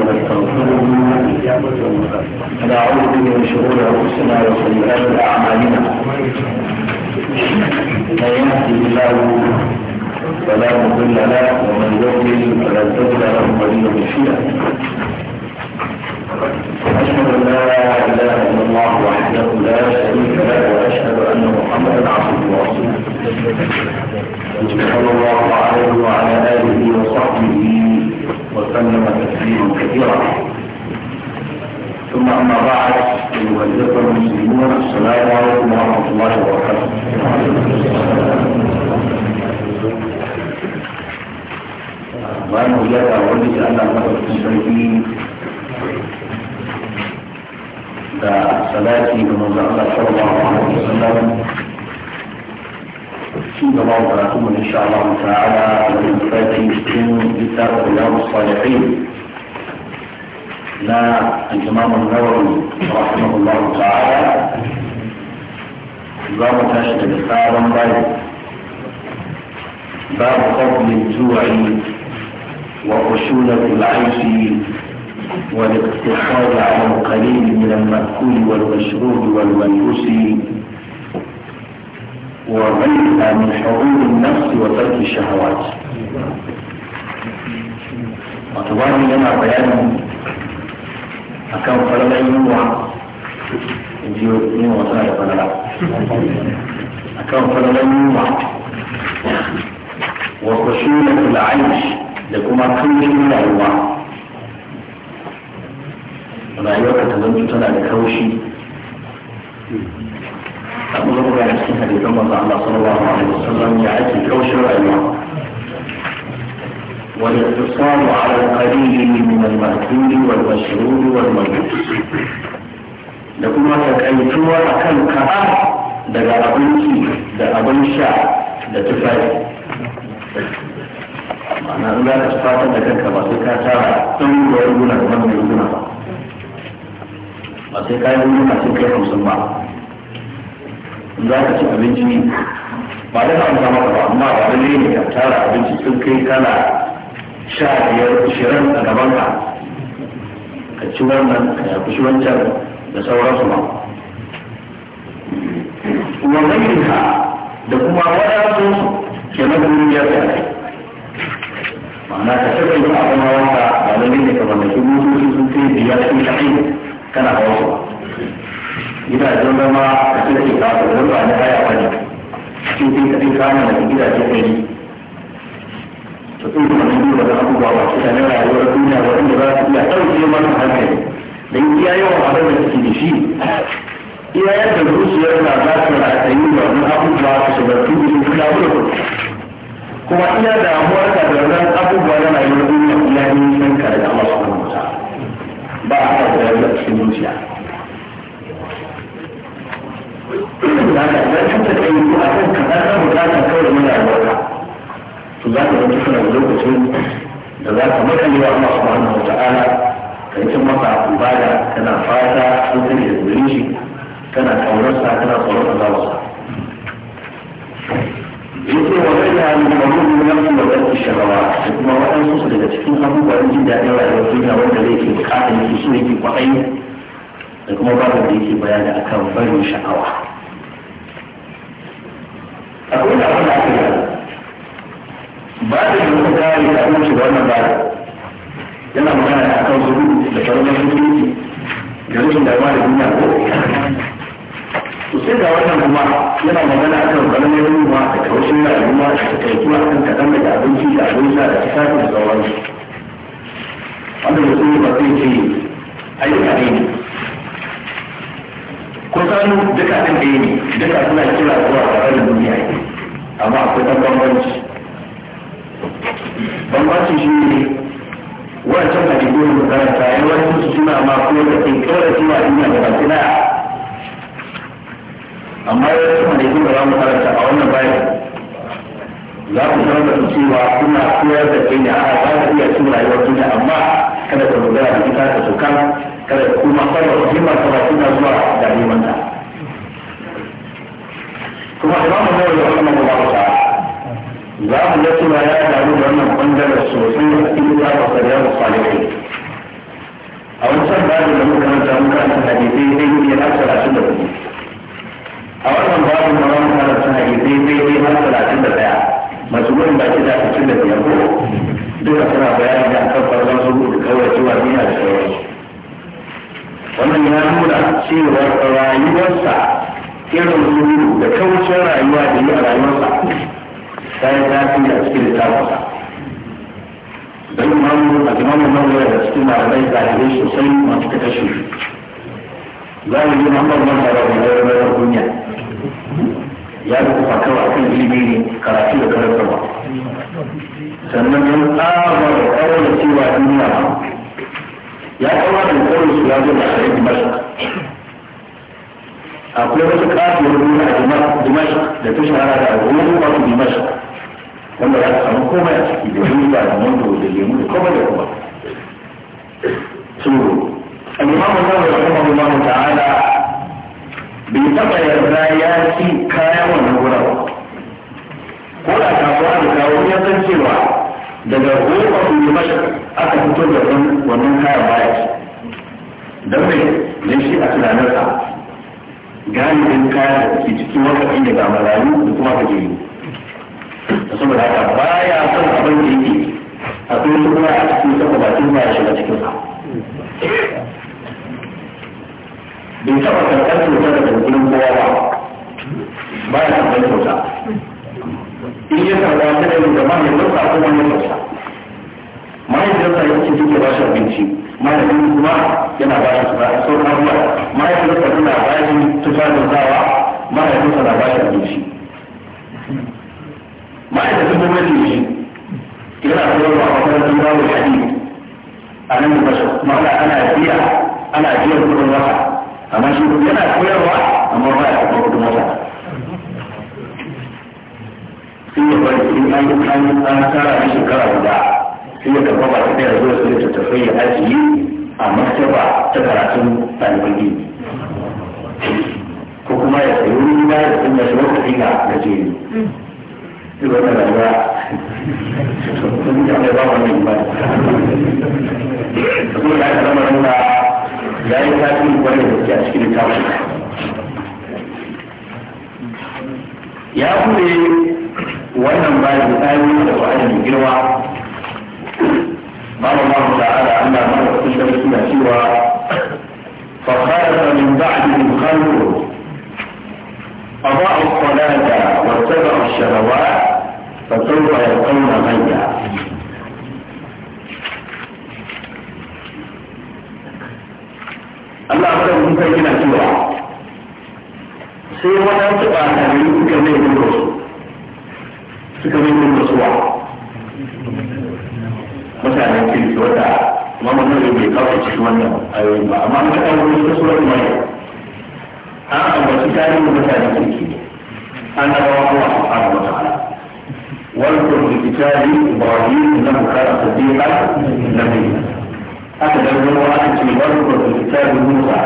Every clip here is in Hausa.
ونستغفره ونعوذ من شرور انفسنا وسيئات اعمالنا من يهدي الله فلا مضل له ومن يضلل فلا تجد له ولي مرشدا أشهد أن لا إله إلا الله وحده لا شريك له وأشهد أن محمدا عبده ورسوله صلى الله عليه وعلى آله وصحبه وسلم تسليما كثيرا ثم اما بعد يبلغكم المسلمون السلام عليكم ورحمه الله وبركاته وانا اياك اقول لك ان المسلمين في الشركين فصلاتي بمنزل الله صلى الله عليه وسلم في إن شاء الله تعالى ونفاتي من كتاب رياض الصالحين لا الإمام النووي رحمه الله تعالى باب تشهد الإسلام باب باب فضل الجوع وخشونة العيش والاقتصاد على القليل من المأكول والمشروب والمنوس وغيرها من حضور النفس وترك الشهوات وتباني لنا بيان أكام فلما ينوع ديو اثنين وثلاثة فلما أكام فلما ينوع وخشونة العيش لكما كل من الأنواع ونعيوك تظن تتنى لكوشي mu ga cikin hadisan manzo Allah sallallahu alaihi wasallam ya ake kaushe rayuwa والاقتصار على القليل من المأكول والمشروب والمجلس da kuma takaituwa a kan kaɗa daga abinci da abin sha da tufafi ma'ana in za ka fata da kanka ba sai ka tara ɗan ruwa ruguna da wannan ruguna ba ba sai ka yi ruguna sai kai hamsin ba za ka ci abinci ne ba da an samu ba amma ba da ne ka tara abinci sun kai kana sha biyar shirin a gaban ka ka ci wannan ka yafi shi wancan da sauransu ba wannan ka da kuma wadansu ke na duniyar da kai ma'ana ka tafi da abin hawan ka ba da ne ka mallaki mutu sun kai biyar sun kai kana hawa su ba gidajen zama a cikin kasa don ba na haya ba ne cikin kaɗin da gidaje ɗari to duba da abubuwa ba su da rayuwar duniya za su iya ɗauke mana hankali don iya yawan abin da suke da shi iya yadda zuciyar na za su da wani abubuwa su shiga su kuma iya damuwar ka da wannan abubuwa na rayuwar duniya iya da Allah ba a ka da cikin zuciya za ka zartar da kai a kan kawai da mana albarka to za ka zama suna da da za ka wa yi kana fata sun kare da gure shi yake kuma waɗansu daga cikin abubuwan jin daɗin rayuwar wanda zai ke bukata yake so yake da kuma babu da yake bayani akan barin sha'awa akwai da abin da ake babin da wata kare da abin shi wannan ba yana magana akan zuru da karnar mutunci da rashin damuwa da duniya ko sai ga wannan kuma yana magana akan karamin ruwa da kaushin rayuwa da taikiwa akan kaɗan daga abinci da abinci da tufafi da sauransu wanda mutum ba zai ce ayyuka ne ko kanu duka ɗin ɗaya yi duka suna kira zuwa tsarin duniya ne amma akwai ɗan bambanci bambanci shi ne wancan na digo da makaranta wani su suna ma ko da ke kawai suna duniya da ba suna amma yawancin na digo da makaranta a wannan bayan za ku san da cewa kuna koyar da kai ne a ba ta iya cin rayuwar duniya amma kada ka dogara da ita ka sokan kuma kada ku jimar karatu na zuwa da neman ta kuma imam nawawi rahimahullahu ta'ala za mu ga cewa ya damu da wannan bangaren sosai a cikin zaba sariya da salihai a wancan babu da muka ranta muka ranta hadisai zai yi na talatin da hudu a wannan babu da da ranta hadisai zai yi na da daya masu da ke da talatin da biyar ko duka suna bayani da kan farkon su da kawai cewa biya da sauransu wannan ya nuna cewa rayuwarsa irin zuru da kaucin rayuwa da yi a rayuwarsa ta yi zafi a cikin littafinsa don imamu a imamu mawuyar da cikin malamai yi sosai masu kata shi za mu yi mamban wanda ba mu yi rayuwar duniya ya kufa kawai akan ilimi ne karatu da karantarwa sannan yin tsabar kawai cewa duniya ya kawo da kawai su ya zo da a yi akwai wasu kafiyar nuna a dimash da ta shahara da abubuwan wasu dimash wanda ya samu komai a ciki da wani da mando da lemu da komai da kuma so al-imam an-nawawi rahimahullahu ta'ala bai taba yarda ya ci kayan wannan wurin ko da kasuwa da kawo ya san cewa daga ruwan dimashi aka fito da wannan kayan baya don mai ne shi a tunanarsa galibin kayan da ke cikin wata ne ga marayu da kuma gajeri saboda haka baya son abin da yake kuma su kuma a cikin saka bakin ba ya shiga cikin sa bai taɓa karɓar kyauta daga gudun kowa ba ba ya karɓar kyauta in ya karɓa ta da yau da ma ya lauka ko wani lauka mahaifiyarsa ya ce duke ba shi abinci mahaifin kuma yana ba shi sauran ruwa mahaifiyarsa tana ba shi tufafin zawa mahaifinsa na ba shi abinci ma'aikacin gwamnati ne yana koyarwa a makarantar babu hadi a nan da bashi ma'ana ana biya ana biyan kudin wata amma shi yana koyarwa amma ba ya karɓar kudin wata sai ya bari an yi an an tara shekara guda sai ya karɓa baki ɗaya zuwa ta tafi ya ajiye a ta karatun ɗaliban ilimi ko kuma ya sayi wuri gida ya sanya shi na rayuwa sun yi ba ba zama nuna ya yi da ke a cikin littafin ya kuma wannan بعد الثاني misali da wani mai ما الله تعالى أما ما تشرك بها سوى فخالف من بعدهم خلف أضاعوا الصلاة واتبعوا الشهوات فسوف يلقون غيا أما أقول لكم كيف سوى سوى لا تقاتلوا كما يقولون suka yi min rasuwa mutanen kirki wata amma mun yi bai kawo cikin wannan ayoyi ba amma mun kawo wani rasuwa ne mai an ambaci tarihin mutanen kirki ne an dawo Allah subhanahu wa ta'ala واذكر في كتاب ابراهيم انه كان صديقا نبيا هكذا يقول واحد في واذكر في كتاب موسى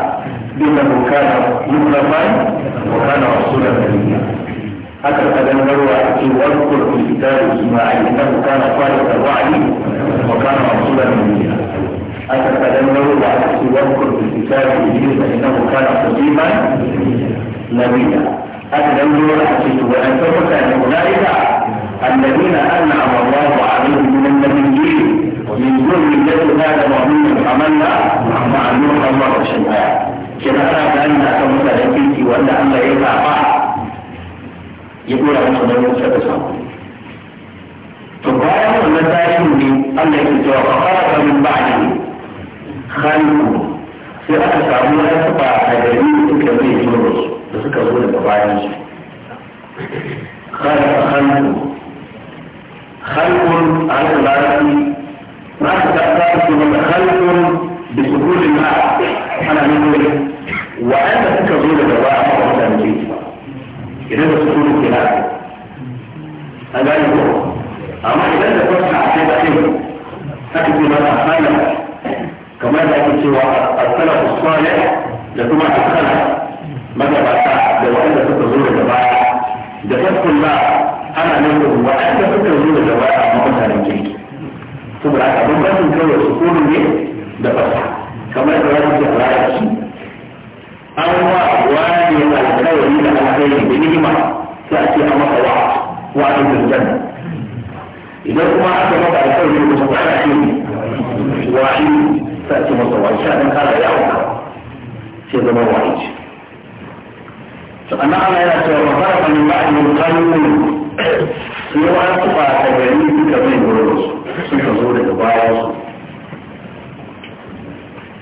انه كان مخلفا وكان رسولا نبيا حتى تذكر في واذكر في كتاب إسماعيل إنه كان صالح الوعد وكان رسولا نبيا حتى تذكر وأتي واذكر في كتاب إدريس إنه كان قديما نبيا حتى تذكر وأتي وأن أن أولئك الذين أنعم الله عليهم من النبيين من ذرية هذا ومن حملنا مع نوح الله شيئا كما كان أن أتمنى لكي وأن أن يقع ya dora masa nauyin kusa da samu to bayan wannan tashin ne Allah ya cewa fa khalaqa min ba'di khalqu sai aka samu wasu ba a gari suka zai zo da suka zo daga bayan su khalaqa khalqu khalqun ala al-ardi ma ta'tabu min khalqun bi sukun al-ma ana nuna wa'anda suka zo daga bayan su da ke ba idan da su sukuni ke da na a gane ko amma idan da kwasa a kai da kai haka ce mata sana kamar da ake cewa a su usmane da kuma a tsala magabata da waɗanda suka zo da baya da tafkin ba ana nufin waɗanda suka zo da baya a mutanen kirki saboda haka bambancin kawai sukunin ne da fasa kamar da wani ke a larabci an wa wani alkhairi da alkhairi da ni'ima sai a ce wa wa an idan kuma aka maka alkhairi da kuma ana ce wa sai a masa wa sha dan kara yawo sai zama wa ce to annan ana yana cewa wa fara min ba'din qanun sai wa su fara gari suka mai gurbin su suka zo daga bayan su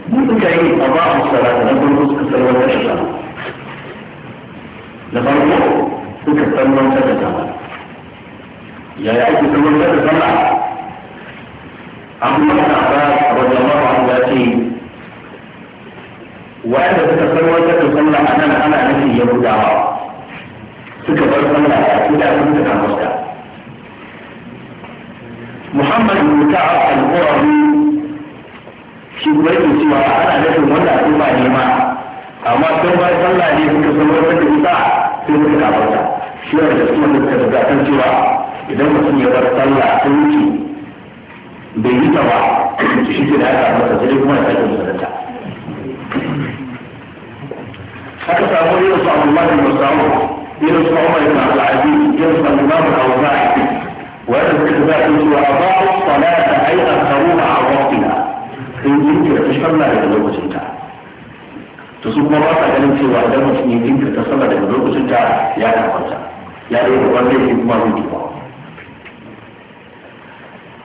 ممكن تعيد أضاعوا الصلاة لكن نسك الصلاة الشيطان لفرقه تكتر من تتسمع يا يعيد من تتسمع عبد الله بن عباس رضي الله عنه يأتي وعند تتسمع تتسمع أنا أنا نفسي يبدو suka bar sallah a kila sun suka musta Muhammad bin Ka'ab shi kuma yake cewa ana nufin wanda al'umma ne ma amma sun bayan sallah ne suka san wata da isa sai suka kafarta shi ne da suka suka tafi kan cewa idan mutum ya bar sallah ta wuce bai yi ta ba shi ke da aka masa sai kuma ya sake musulunta haka samu irin su abdullahi bin musamu irin su umar bin abdulaziz irin su al-imam al-awza'i wanda suka tafi kan cewa ba da salata ay akharuha sai jinkirta sallah daga lokacinta, ta to su kuma ba sa ganin cewa idan mutum ya jinkirta sallah daga lokacinta ya kafarta ya dai da wanda yake kuma zai tuba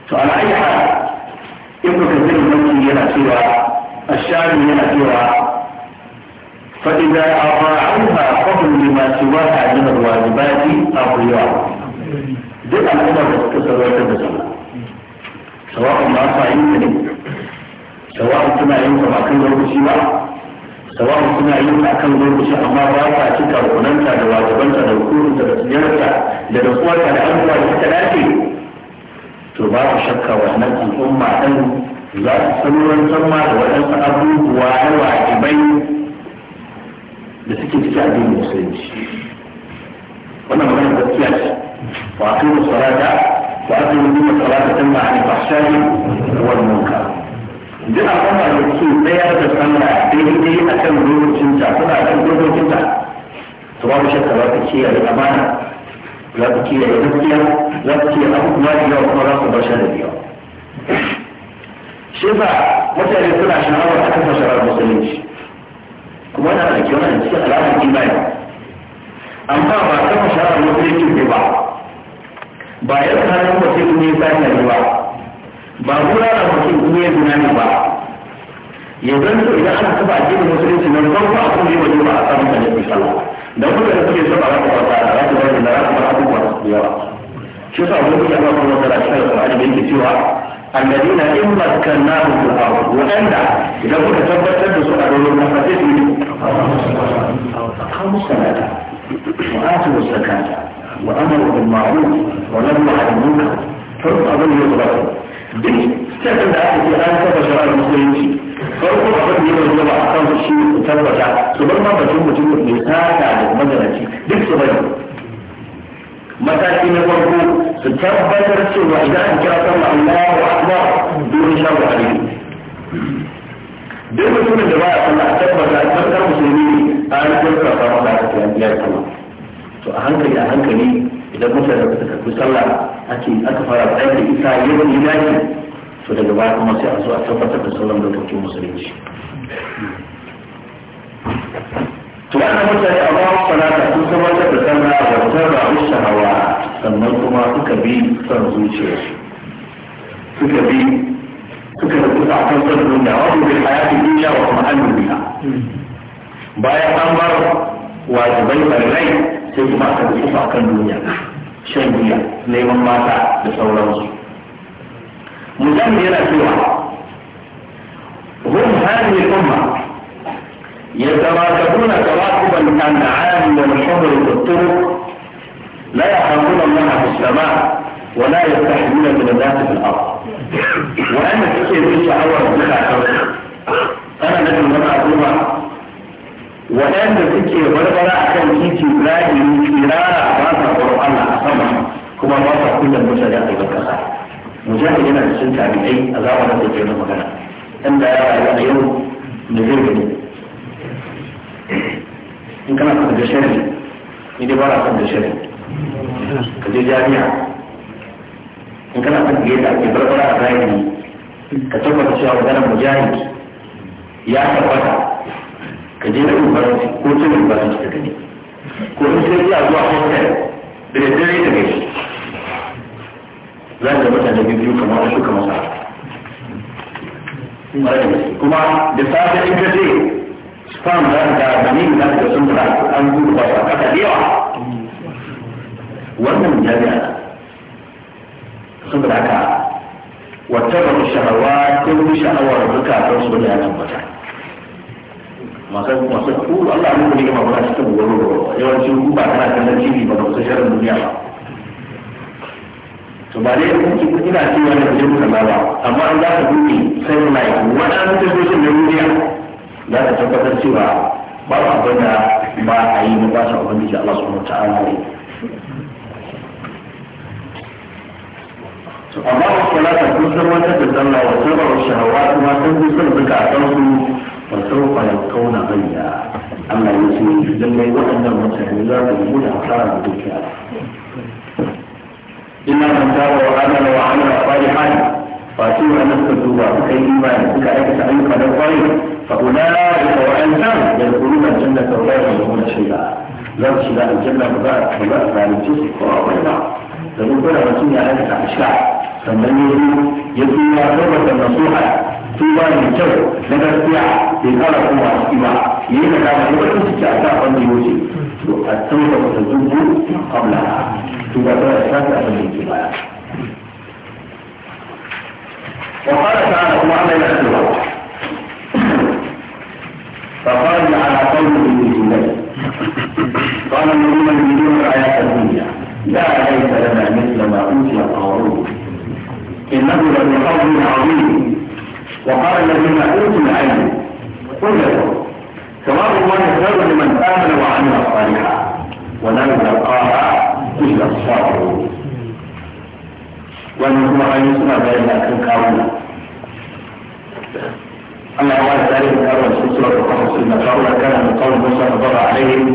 to al'ayi ha ibnu kathir mutum yana cewa ashari yana cewa fa idza afa'alha fahum lima siwaha min alwajibati aqiya duk al'umma da suka sarwatar da sallah sawa'un ma sa'in ne sawa'un suna yin sa ba kan lokaci ba sawa'un suna yin sa kan lokaci amma ba sa cika rukunanta da wajibanta da hukunta da tsiyarta da da tsuwarta da abubuwa da suka dace to ba ku shakka wannan al'umma ɗin za su sanuran ma da waɗansu abubuwa na wajibai da suke cikin addinin musulunci wannan magana gaskiya ce wa aqimu salata wa aqimu salata tamma an fahsha'i wal munkar jira kuma da ke tsayar da sallah daidai a kan lokacinta kuna a kan lokacinta to babu shakka za ka kiyaye amana za ka kiyaye gaskiya za ka kiyaye abubuwa da yawa kuma za ku bar da yawa shi ba mutane suna sha'awar a kan sha'awar musulunci kuma yana da kyau na cikin alamar imani amma ba kafa sha'awar musulunci ne ba ba yadda hannun mutum ne sa ne ba ba gurara mutum kuma ya zina ne ba ya zanto idan aka kafa addinin musulunci na farko a kuma yi wajen ba a samu kan yadda sallah da kuma da suke saba za ku kwata za ku bari da za ku bar abubuwa da yawa shi yasa wani kuma ba kuma da shi da Qur'ani da yake cewa alladina in makkannahum fil ard wa waɗanda idan kuka tabbatar da su a doron kasa sai su yi kamu salata wa atu zakata wa amru bil ma'ruf wa nahyu 'anil munkar farko abin da ya duk sakan da aka yi an saba shari'ar musulunci farko abin da ya zo ba a kan shi tabbata su bar ma mutum mutum ne sata da maganaci duk su bari mataki na farko su tabbatar cewa idan an kira sallah Allahu akbar dole sharu alaihi duk mutumin da ba a sallah tabbata tabbatar musulmi ne a an kira sallah ba ta kira sallah to a hankali a hankali idan mutane suka karbi sallah ake aka fara bayar da ita wani ilahi to daga baya kuma sai a zo a tabbatar da sauran dokokin musulunci to ana mutane a ba su sanata sun tabbatar da sallah wa tarra shahawa sannan kuma suka bi son zuciyarsu suka bi suka kusa a kan son duniya bai a hayati duniya wa kuma an duniya bayan an bar wajibai rai sai kuma aka rubuta a kan duniya shan giya neman mata da sauransu mujahid yana cewa hum hadhihi al-umma يتراكبون تراكبا كالنعام والحمر في الطرق لا يخافون الله في السماء ولا يستحيون من الناس في الارض وانا تكي في شعور بلا انا نجم لما اقولها waɗanda suke barbara a kan titi zahiri kirara ba sa tsoron Allah a sama kuma ba sa kullum mutane a gaban kasa mujahid yana da cin tabi'ai a zamanin da ke magana inda ya rayu a yau da zai gani in kana kan da shari ni dai ba na kan da shari ka je jami'a in kana kan da yadda ake barbara a zahiri ka tabbata cewa maganar mujahid ya tabbata ka je na rubaranci ko cin rubaranci ka gani ko in sai iya zuwa hotel da daddare ka gani za ka mutane biyu kamar wasu kamar sa'a kuma da safe in ka je spam za ka da ni za ka sun da an gudu ba sa kasa da yawa wannan jami'a sun da haka wata ba shahawar ko shahawar zukatan su da ya tabbata masu masu ku Allah ne ne ga cikin yawancin ku ba kana kallon ba ba su sharar duniya ba to ba dai ina cewa ne kuje kuka ba amma an za ka dubi sai lai wannan tashoshin na duniya za ka tabbatar cewa ba abin da ba a yi ba sa ubangiji Allah subhanahu ta'ala ne to amma wasu salata kun san wata da sallah wa sabara shahawa kuma sun bi sun zuka a فسوف يلقون غيا أما يسير لله وأن لا يقول أحرار بالكاف إما من تاب وآمن وعمل صالحا فأتوا أن نستدوا في إيمان إلى أيك قد الطريق فأولئك وأنتم يدخلون الجنة ولا يظلمون شيئا لا تشبع الجنة ولا تشبع ذلك ولا da kuma mutum ya aikata ashka sannan ya yi ya tuba tabbata nasuha tuba mai kyau na gaskiya bai kara kuma a ciki ba ya yi da kama ya ciki a sa wanda ya to a tauba ta zubu kabla tuba ta da shafi a wanda yake baya وقال تعالى كما أنا إلى السورة فقال على قوله من قال الذين يريدون الآيات الدنيا لا ليس لنا مثل ما اوتي قارون انه لم يقضي عظيم وقال الذين اوتوا العلم قل لكم ثواب الله خير لمن امن وعمل صالحا ولم يلقاها الا الصابرون ونحن ان يسمع بين اهل كارون الله تعالى ذلك قال سورة القصص إن فرعون كان من قوم موسى فضل عليهم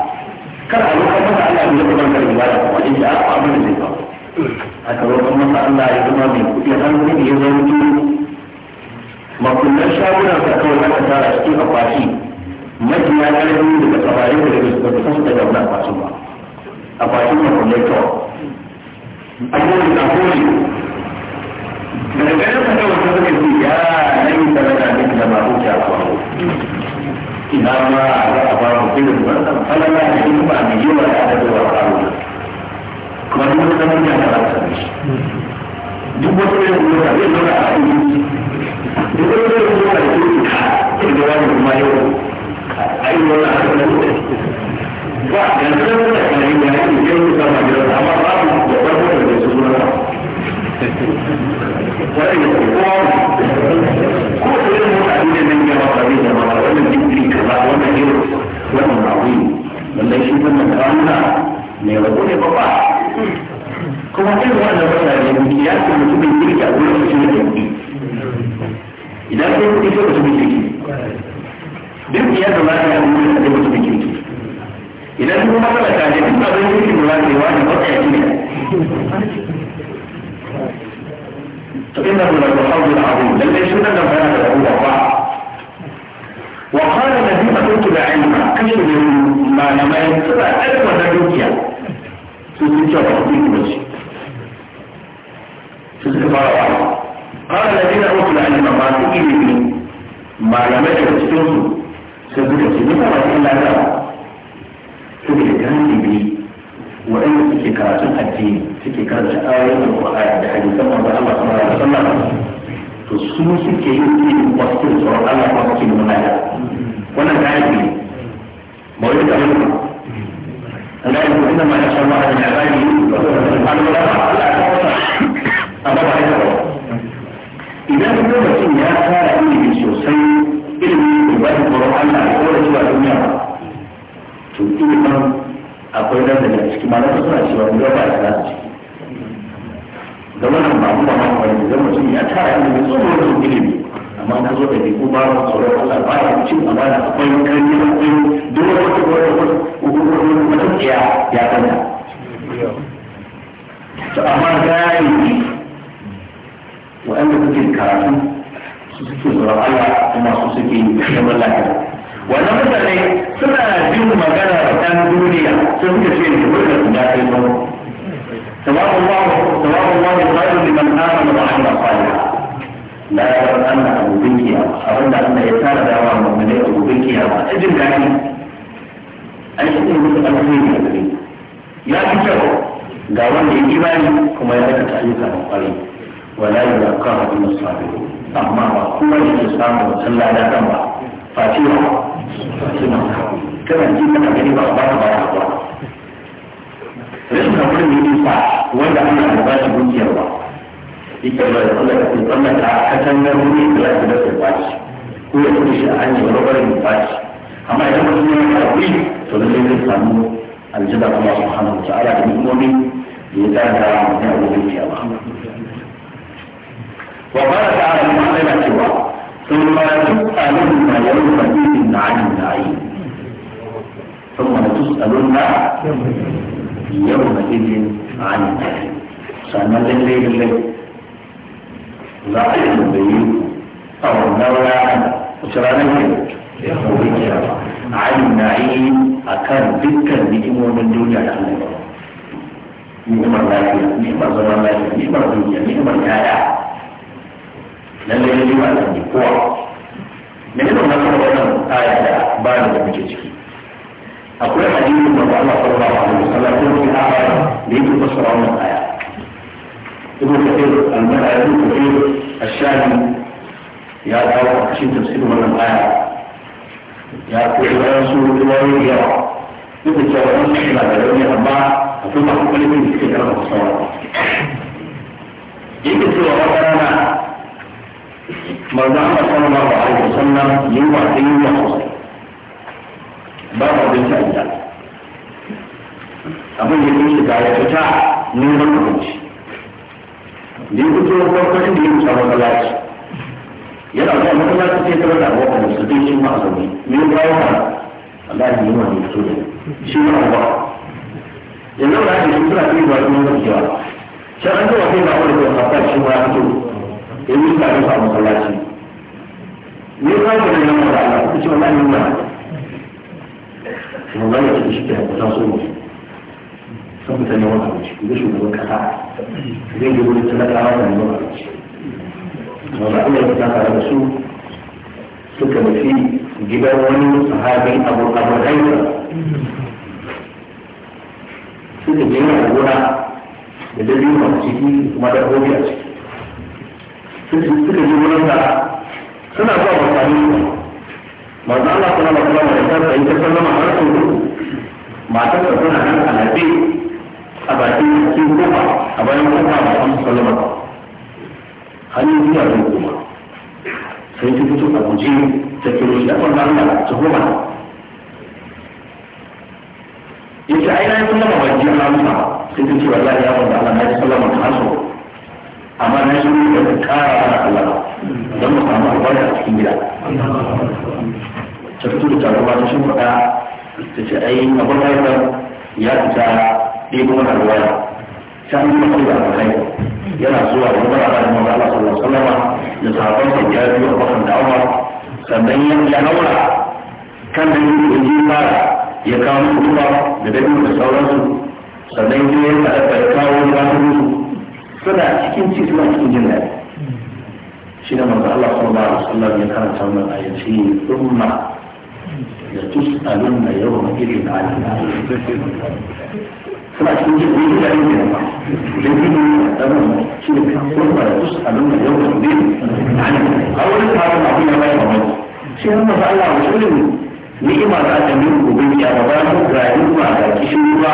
kar a roƙon masa Allah ya zama barkar ibada kuma in sha Allah abin da zai ba a ka roƙon masa Allah ya zama mai kuɗi an kuɗi ya zama mutum makullan shagunan ka kawai aka tara cikin akwati majiya ƙarfi daga samari da daga da kasu daga wannan akwatin ba akwatin makullai kawai abubuwan da abubuwan daga ganin ka kawai suka ce ya nan yi sadaka duk da ba huce a ba. ina ada a ga a kalau irin wannan falala da in ba mai yawa ya da zuwa ƙaruna kuma duk wata manya na rasa da shi duk wata irin zuwa zai zama a aiki duk wata irin zuwa da ke ka inda wani kuma yau a yi wani sama gidan amma babu da farko da su zuwa ba wani ne kuma ko yang irin yawan azim lallai shi wannan rana mai rabu ne babba kuma irin wannan mutane ne ya ce mutumin kirki a wurin shi ne kirki idan kai kuɗi sai mutumin kirki duk ya zama ya yi wurin da mutumin kirki idan kuma matsala ta ne duk abin kirki da zai wani matsaya ne to inna hu la yuhawwil azim lallai shi wannan bayana da rabu ba. وقال الذين قلت بعلم كشف ما لما يتبع ألف ودرجة سيسيتي وتخطيط بشي سيسيتي قال الذين أوتوا العلم ما تجيبني ما لم يتبسطوا سيسيتي مثلا إلا لا سيسيتي جانبي وإن سيكرات الدين سيكرات آية وآيه بحديث الله صلى الله عليه وسلم to su suke yin irin wasu tsoron Allah ba su cikin wannan ne da wani ba a ko ma ya san wani da galibi ba ba idan ya fara ilimi sosai da ba a tsoron zuwa duniya ba to ilimin akwai nan da cikin malamai suna cewa ruwa ba da wannan ba mu ba mu wani da mutum ya tara ilimi tsoron da ilimi amma ka zo da ke ko ba mu tsoron Allah ba ya cin amana akwai karfi akwai duk wani wata wata wata wata ya ya kanta to amma galibi waɗanda suke karatu su suke Allah kuma su suke zaman lafiya wannan mutane suna jin magana a ɗan duniya sun suke ce ne wanda su ya ثواب الله ثواب الله خير لمن آمن وعمل صالحا لا يرى أن أبو بكر أظن أن يسار دعوة المؤمنين أبو بكر أجل يعني أن يكون مثل الخير يا بكر ga wanda ya imani kuma ya aikata ayyuka da kwari wala ya zaka wa ina sabiru amma ba kuma ya ke samun wancan lada kan ba fatiha suna kana ji kana gani ba ba ta ba ta ba rinka wani nisa wanda ana da ba shi dukiyarwa ita ba da Allah ta tsallaka a katangar wuri da ya da sai bashi ko ya kuma shi a hanyar rabarin bashi amma idan mutum yana karfi to da zai samu aljanna kuma subhanahu wa ta'ala da mu'mini da ya tsaya da mutum a wurin kiyama wa qala ta'ala ma ana cewa ثم لتسألن يومئذ عن النعيم ثم لتسألن yau na izin an sannan lallai lallai za a yi tambayi a wannan rana wace ranar ne ya kawai a an na yi a kan dukkan ni'imomin duniya da Allah ya ni'imar lafiya ni'imar zama lafiya ni'imar duniya ni'imar yaya lallai lallai ba a kan kowa ne ne ba na kawai wannan aya da ba da muke ciki أقول حديث من الله صلى الله عليه وسلم في الآية ليس تصر عن الآية ابن كثير المرأة ابن كثير الشاهد يا دعوة أحسين تفسير من الآية يا كثير رسول الله يرى ابن كثير رسول الله يرى ابن كثير رسول الله يرى ابن كثير رسول الله يرى ابن كثير رسول الله يرى ابن كثير رسول الله يرى ابن كثير رسول الله يرى ابن كثير رسول الله يرى ba mu abinci a gida abin ya kun shiga ya fita neman abinci da ya fito farkon da ya wuce masallaci yana zuwa masallaci sai ta rada abokan da su dai shi a zaune me ya kawo ka Allah ya yi wani fito da shi ma a yanzu da ake shi suna kai zuwa wani cewa shi an zuwa kai ba wani kuma fasa shi ma ya fito ya wuce a masallaci me ya kawo ka ne na mara ku ce wani ne shugaban da ke shi ke hakuta so ne sun fita neman abinci ga shugaban kasa zai yi wurin talakawa da neman abinci wanda Allah ya tare da su suka nufi gidan wani sahabin abu abu haifa suka je yana gona da dabino a ciki kuma dabbobi a ciki suka je wurin suna zuwa mutane manzo Allah sallallahu alaihi wasallam ya in ta sallama har sun matar ta tana nan a labe a bakin cikin kofa a bayan kofa ba an sallama ba hannun zuwa zai koma sai ta fito a guje ta kiro shi da manzo Allah ta koma yace ai na sallama ba ji na musa sai ta ce wallahi ya manzo Allah na sallama ta so amma na shi da kara Allah don mu samu albarka a cikin gida ta fito da taruwa ta shin faɗa ta ce ai abin haifar ya fita ɗebo mana ruwaya ta yi mafi da alkai yana zuwa da wani ala da maza Allah sallallahu alaihi wasallam da sahabban sa ya biyo a bakan da Umar sannan ya haura kan da yi fara ya kawo mutuwa da dabi da sauransu sannan ya yi kawo su suna cikin ci suna cikin jin daɗi shi da manzo Allah sallallahu alaihi wasallam ya karanta wannan ayat yi umma ya tusalun na yau na irin alina suna cikin jirgin da yayin da ba jirgin da ɗan shi da kuma da tusalun na yau na irin alina a wurin tsarin abin da bai mamaki shi da manzo Allah wasu irin ni'ima za ta yi gobe ya ba ba mu ba ga kishin ruwa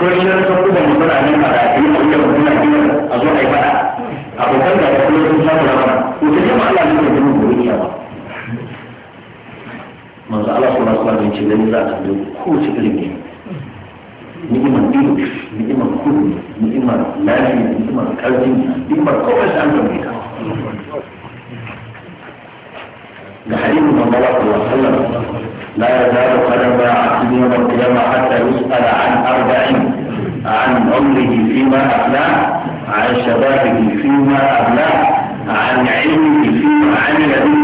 ko shi da a mutane a yi a wurin mutane a zo a yi fada abokan da ya kuma sun samu rabana to ta jama Allah ne da mun gobe kiyama manzo Allah kuma kuma da ce dan za ta da ko ci irin ne ni'imar ido ni'imar kudu ni'imar lafiya ni'imar karfi ni'imar kowai da an tambaye ka da hadisin manzo Allah sallallahu alaihi wasallam لا يزال قدم عبد يوم القيامة حتى يسأل عن أربع عن عمره فيما أفناه عن شبابه فيما أبلاه عن علمه فيما عمل به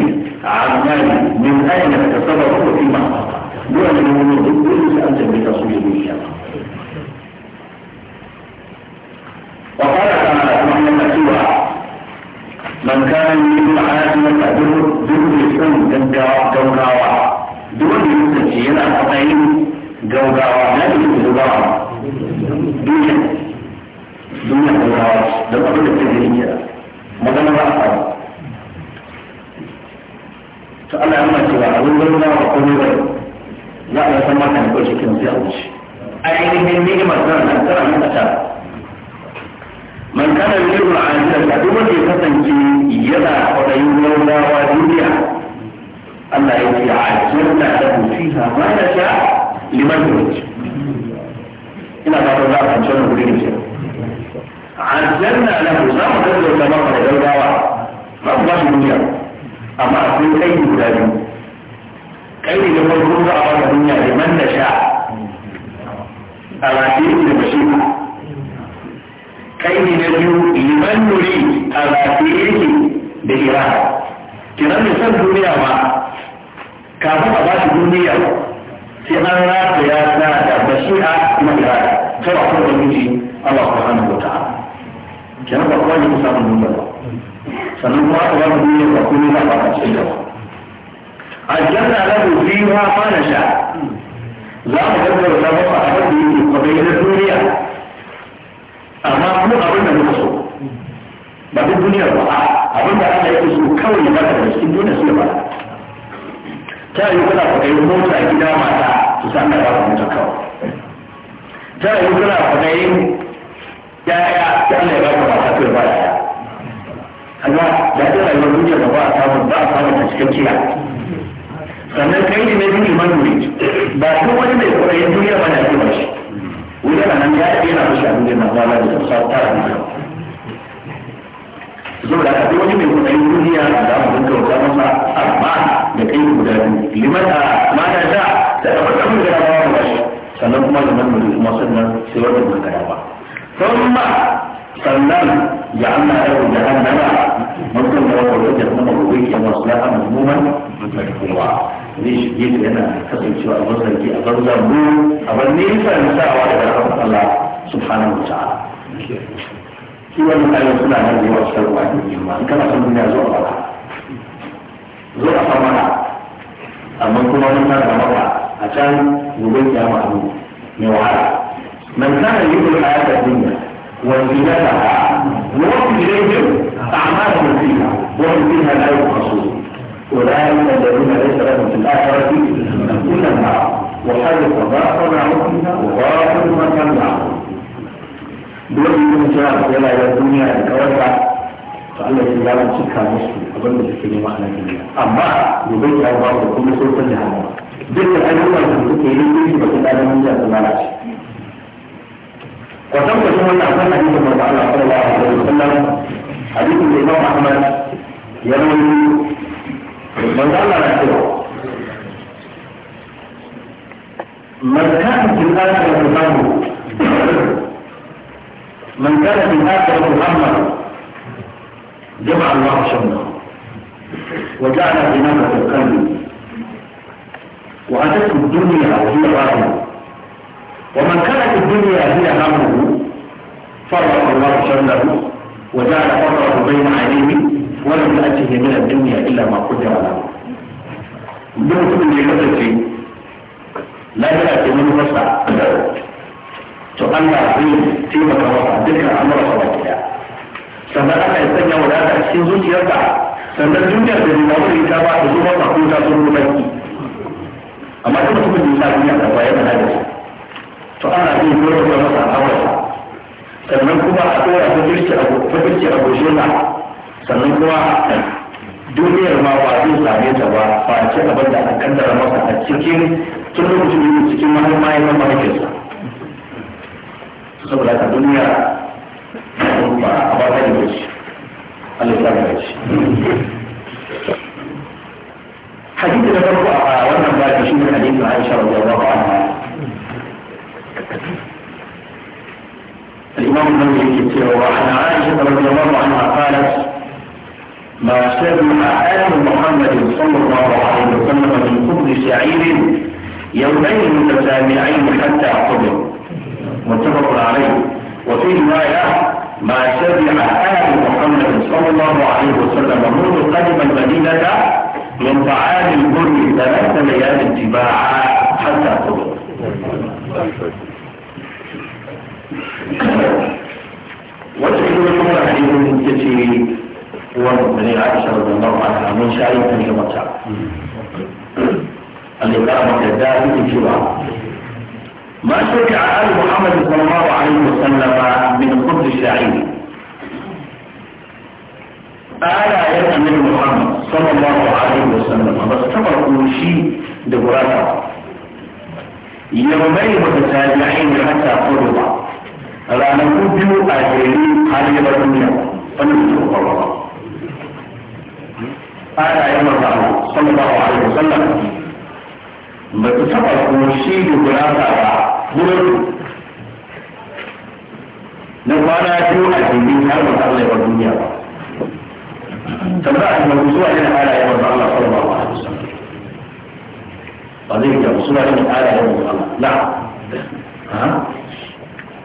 عن ماله من أين اكتسبه وفيما أخطأ دون من كل سألت بتصوير الله وقال تعالى في سوى من كان يريد عاجلة ذنب سن جوغاوة دون يسجي شيئا فقيم جوغاوة لا يسجي جوغاوة دون duniya ta gawa don abin da ke zai iya magana ba a samu to Allah ya mace ba abin da ba a komai ba za a san mata ne kawai cikin sai a wuce ainihin ni'imar tana nan tana nan a tara man kana yuridu al-ajila duk wanda ya kasance yana kwadayin laulawa duniya Allah ya ce ajirna lahu fiha ma nasha liman yurid ina fatan za a fahimci wannan gurin kenan azanna lahu za mu gaggauta maka da gaggawa ba mu ba duniya amma a cikin kai guda biyu kai da farko za a baka duniya da man da sha a rafi da bashi kai ne na biyu liman nuri a rafi da iran kiran da san duniya ba kafin a ba shi sai an rafi ya da bashi a kuma iran kawai a kan Allah ku hana kenan ba kuma ji ku samu nuna ba sannan kuma aka ba mu duniya ba kuma za a ba cikin gaba aljanna lahu fiha ma nasha za mu gaggara ta masa a ku da yake kwabai na duniya amma kuma abin da muka so ba duk duniyar ba a abin da aka yi so kawai ya baka da cikin duniya sai ba ta yi kuna kwabai mota gida mata su san da ba ku Ta kawai ta yi kuna kwabai yaya ta Allah ya baka ba ko ya ba yaya amma da ta rayuwar duniya ba a samu ba a samu ta cikin kira sannan kai ne mai duniya ba duk wani mai kwayoyin duniya ba na kira shi wuri na nan ya yana fushi a duniya na kwana da sa tara ba zo da duk wani mai kwayoyin duniya da mu dinka wata masa amma da kai guda biyu limata mata da ta tabbata mun ga ba shi sannan kuma da manuri kuma sannan sai wanda mun ga ba ثم sannan ya Allah ya rubuta annaba mutum da wata wata kuma rubuta ya maslaha mazmuman kuma ne shi yake yana kasancewa a mazarki a banza mu a bar nisa da sawa da Allah subhanahu wa ta'ala shi wannan ayoyi suna nan da yawa sarwa da yamma in kana son duniya zuwa fara zo a samara amma kuma mun tana maka a can gobe kiyama abu mai wahala من كان يريد الحياة الدنيا وزينتها نوفي إليهم أعمالهم فيها وهم فيها لا يبخسون أولئك الذين ليس لهم في الآخرة إلا النار وحرق ما صنعوا فيها وباطل ما صنعوا dole yin jira da rayuwar duniya da kawar da to Allah ya yawo cika musu abin da suke nema a nan duniya amma gobe ya ba da kuma sosan da hannu duk da ayyukan da suke yi su ba su da nan da lalace وكم هنا عن حديث من قال صلى الله عليه وسلم حديث الإمام أحمد يروي من قال نفسه من كان في الآخرة همه من كان في الآخرة همه جمع الله شمله وجعل في نفسه القلب وأتته الدنيا وهي غالبة ومن كانت الدنيا هي همه فرق الله جله وجعل فرقه بين عينيه ولم يأته من الدنيا إلا ما قدر له. لو كنتي لا يأتي من وسع تقلع في تيمة وسع تلك الأمر صلاتها. سبعك الدنيا ولا تأتي زوج يرجع sannan duniyar da nuna wani ta ba ta zuwa ta kuma ta zuwa mai amma duk mutumin da ya sa duniya ta bayan da na da su to ana iya dole da masa awai sannan kuma a tsora fafirci a fafirci a goshena sannan kuma duniyar ma ba zai same ta ba face abin da aka kaddara masa a cikin tun cikin mahimma ya zama saboda haka duniya ba a ba ta ya hadisi farko a wannan babu shi ne hadisin Aisha radiyallahu الإمام ابن كثير وعن عائشة رضي الله عنها قالت ما سمع آل محمد صلى الله عليه وسلم من كل شعير يومين متسامعين حتى قبل متفق عليه وفي رواية ما سمع آل محمد صلى الله عليه وسلم منذ قدم المدينة من طعام البر ثلاث ليال اتباعا حتى قبل wata kuma kuma hadisin ya ce uwar da ne aisha da zama a mun shayi ta ne mata alika mata da yake cewa ما شرع آل محمد صلى الله عليه وسلم من خبز الشعير آل آيات من محمد صلى الله عليه وسلم بس تبرقوا شيء دبراتا يومين متتابعين حتى فرض رانكو بيو أجري حالي بدنيا فنسوا فرض قال أيما الله صلى الله عليه وسلم بتسبب مرشيد براسة برد na kwana biyu a jirgin har ba Allah ya bar duniya ba. Tambaya a cikin zuwa yana halaye wanda Allah sallallahu alaihi wasallam. ba zai gyaru suna cikin ayayen mutu Allah la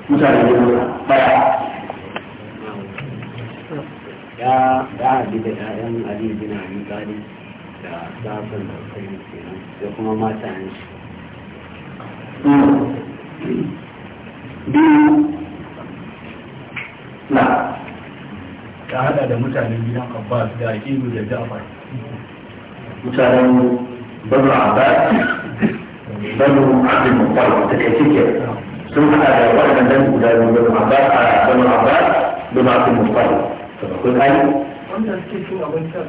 mutane ne ya ya da Ali bin da sabon da da ta hmm. hada da mutanen gidan Abbas da Ibu da Ja'far mutanen بنو عباس بنو عبد المطلب تكتيك ثم هذا واحد من بنو عباس بنو عباس بنو عبد المطلب فكل هاي وأنا كنت شو أبن شاء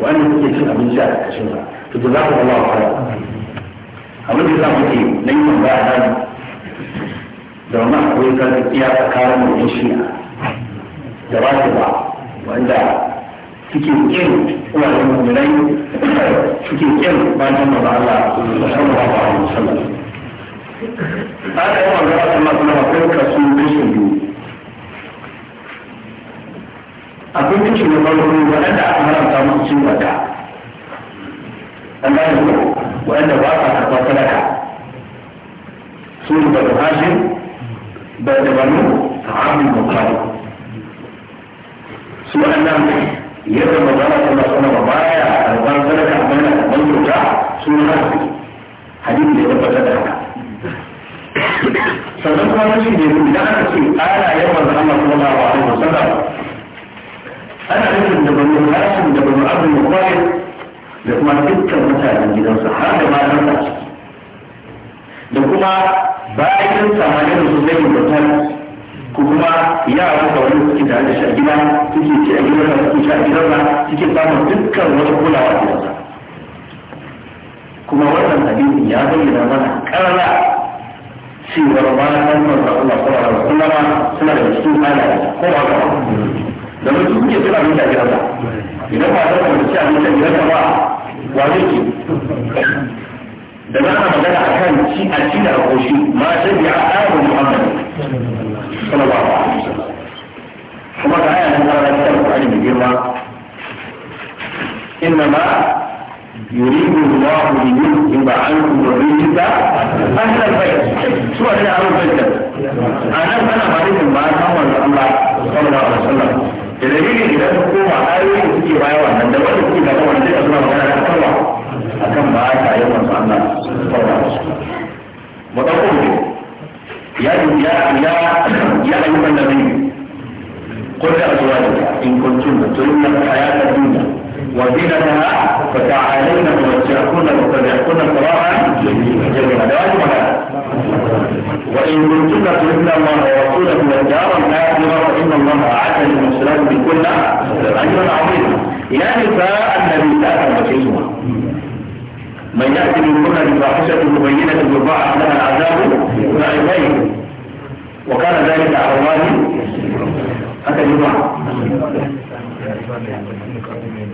وأنا كنت شو أبن شاء كشوفها فجزاكم الله خيرا abin da za mu yi na yi ba a da wani akwai kan iya tsakanin mai shiya da ba wanda suke kin uwayen mulai suke kin bayan maza Allah sallallahu alaihi wasallam ana yi ga Allah kuma ko kasu kashi biyu abin da ke farko waɗanda aka haramta musu cin wata an yanzu waɗanda ba sa karɓar sadaka su ne ba da hashin ba da banu ta'amin mutane su waɗannan yadda magana kuma suna ba baya karban sadaka mana ban kyauta su ne haka hadisi da ya tabbatar da haka sannan kuma rashin da yanzu idan aka ce ana yawan da Allah sallallahu alaihi wasallam ana nufin da banu hasim da banu abdul muttalib da kuma dukkan mutanen gidansa har da matansa da kuma bayan samanin su zai mutar kuma ya yaran da wani suke da shi a gida suke ci a da suke a gidan da suke samun dukkan wata kulawa a gidan kuma wannan hadisi ya bayyana mana karara cewar malaman kuma kuma sallallahu kuma wasallam suna da su halaye ko ba ga da mutum ke kira da gidan da idan ba da mutum ci a gida da ba wa da za a magana akan ci a ci da koshi ma sai ya a Muhammad sallallahu alaihi wasallam kuma ga aya ta ta ta ta ta girma innama yuridu Allahu bi yuzhiba ankum rijsa ahlal bayt suwa ne a rubuta a nan kana malikin ba kan wanda Allah sallallahu alaihi wasallam da dalilin idan ka koma ayoyi da suke baya wannan da wanda suke gaba wanda suka suna magana akan wa akan ba ta yawan Allah sallallahu السنة تريدن الحياة الدنيا وزينتها فتعالينا نوجهكن وتبعكن صراحا جميلا واجب وإن كنتن تردن الله ورسوله والدار الآخرة فإن الله أعد للمحسنات بكل أجر عظيم يا نساء النبي لا وسيما من يأتي منكن بفاحشة مبينة يضاعف لها العذاب ضعفين وكان ذلك على الله هذا يضاعف يا نساء النبي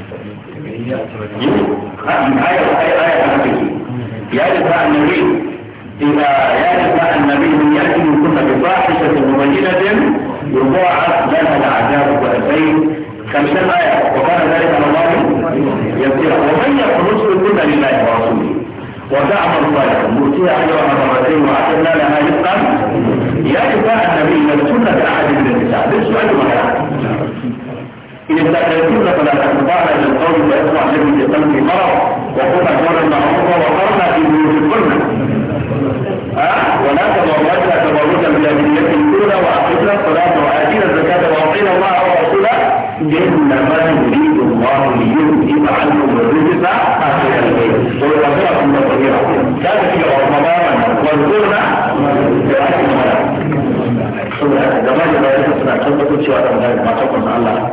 إذا يا نساء النبي من يأتي كن بفاحشة مبينة يضاعف لها العذاب ضعفين خمسة آية وكان ذلك على الله يسيرا ومن يخرج كن لله ورسوله وتعمل صالحا نؤتيها أجرها مرتين وأعتدنا لها رزقا يا نساء النبي لستن كأحد من النساء بالسؤال وكذا إذا تأتون فلا تخضعن للقول فيطمع الذي في قلبه مرض وقطع شر معروفة وقرنا في بيوتكن ولا تبرجن تبرج الجاهلية الأولى وأقمنا الصلاة وآتينا الزكاة وأعطينا الله ورسوله إنما يريد الله ليذهب عنكم الرجس أهل البيت ويغفركم ويغفركم كانت في رمضان واذكرنا برحمة الله saboda haka gaba da bayan ka suna tabbatar cewa da mutane ba ta kunsa Allah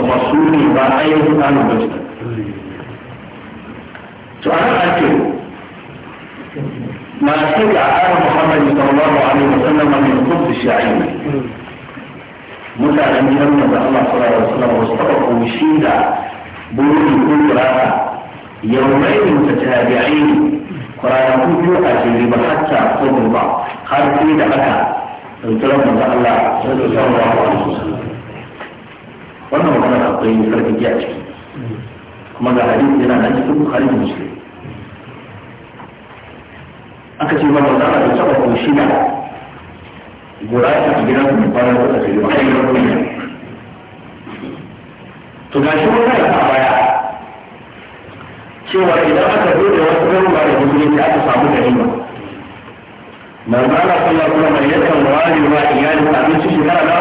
kuma su ne ba ainihin ahlul bait to an ake masu da ayar Muhammad sallallahu alaihi wasallam min qudus shi'ayi mutanen gidan da Allah sallallahu alaihi wasallam wasu taba koshi da buri ko kirata yawmain mutatabi'ain qur'an ku biyu a jiri ba hatta ko ba har sai da aka sautar da Allah sallallahu alaihi wasallam wannan magana akwai sarki a ciki kuma ga hadisi yana nan cikin Bukhari da Muslim aka ce ba manzo da saba ko shi da gurata a gidan mu fara da take da wannan to ga shi wannan fara baya cewa idan aka da wasu ruwa da musulunci aka samu da ganima manzo Allah sallallahu alaihi wasallam yakan ware iyali abinci shekara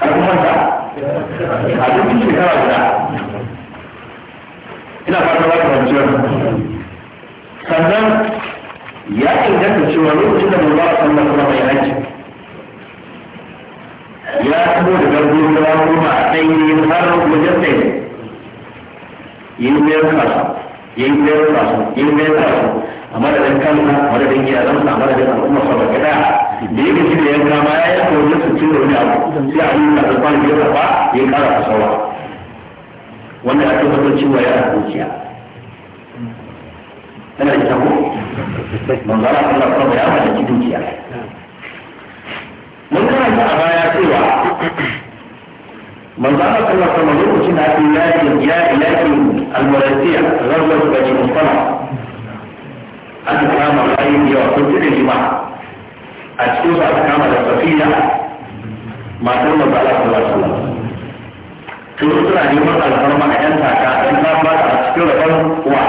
da kuma ta abinci shekara guda ina fata ba ta wancan sannan ya inganta cewa lokacin da manzo Allah sallallahu alaihi wasallam ya ya tabo da garbi da wani ma ɗaya har wajen ɗaya yin mayar kasu yin mayar kasu yin mayar kasu a madadin kansa a madadin iyalansa a madadin al'umma sa baki daya da yake shi da yanka ma ya yi kawai su cin da wani abu sai a yi na alfan da ya rafa ya kara fasawa wanda ake fatan cewa ya rahuciya tana da kyau manzara Allah kuma ya fada ki dukiya mun karanta a baya cewa manzara Allah kuma lokacin da ake yakin ya ilakin al-murasiya ghazwat bani mustana aka kama bayi da yawa ko cikin shi ba a cikin su aka kama da safiya matar manzo Allah sallallahu alaihi wasallam to suna neman alfarma a yan taka yan taka a cikin rabon uwa.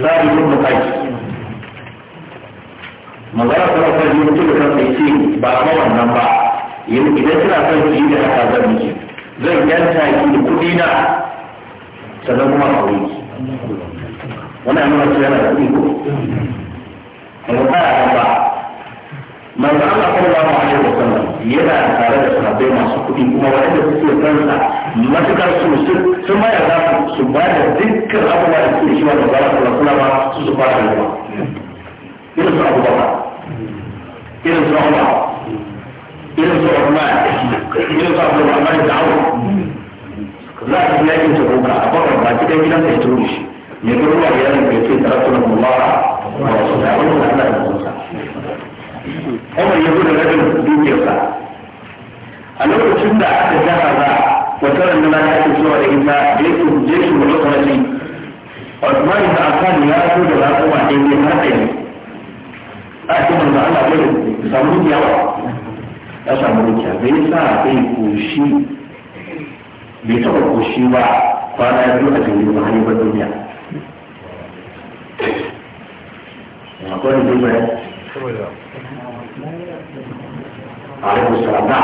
za a yi kun mutaki manzo Allah sallallahu alaihi wasallam mutum da kansa yace ba ma wannan ba idan suna son ki yi da haka zan yi zan yanta ki da kudi na sannan kuma aure ki wọn a nuna cewa da iko daga ba a ba manzo Allah sallallahu alaihi wasallam yana tare da sahabbai masu kuɗi kuma wanda suke kansa matukar su sun ma yarda su ba da dukkan abubuwa da suke shi wanda ba su da kula ba su su ba da ba irin su Abu Bakar irin su Umar irin su Uthman irin su Abdul a yi ba gidan da ya ya ga ruwa ya nan ce ba da da ana da ya zo da dukiyarsa a lokacin da aka jahaza wata randana ta da ita jesu jesu da Osman da Affan ya da raƙuma ɗaya ne har ɗaya a cikin da bai samu dukiya ba ya samu dukiya bai sa bai koshi bai taɓa koshi ba kwana biyu a cikin wani duniya akwai duba ya alaikum da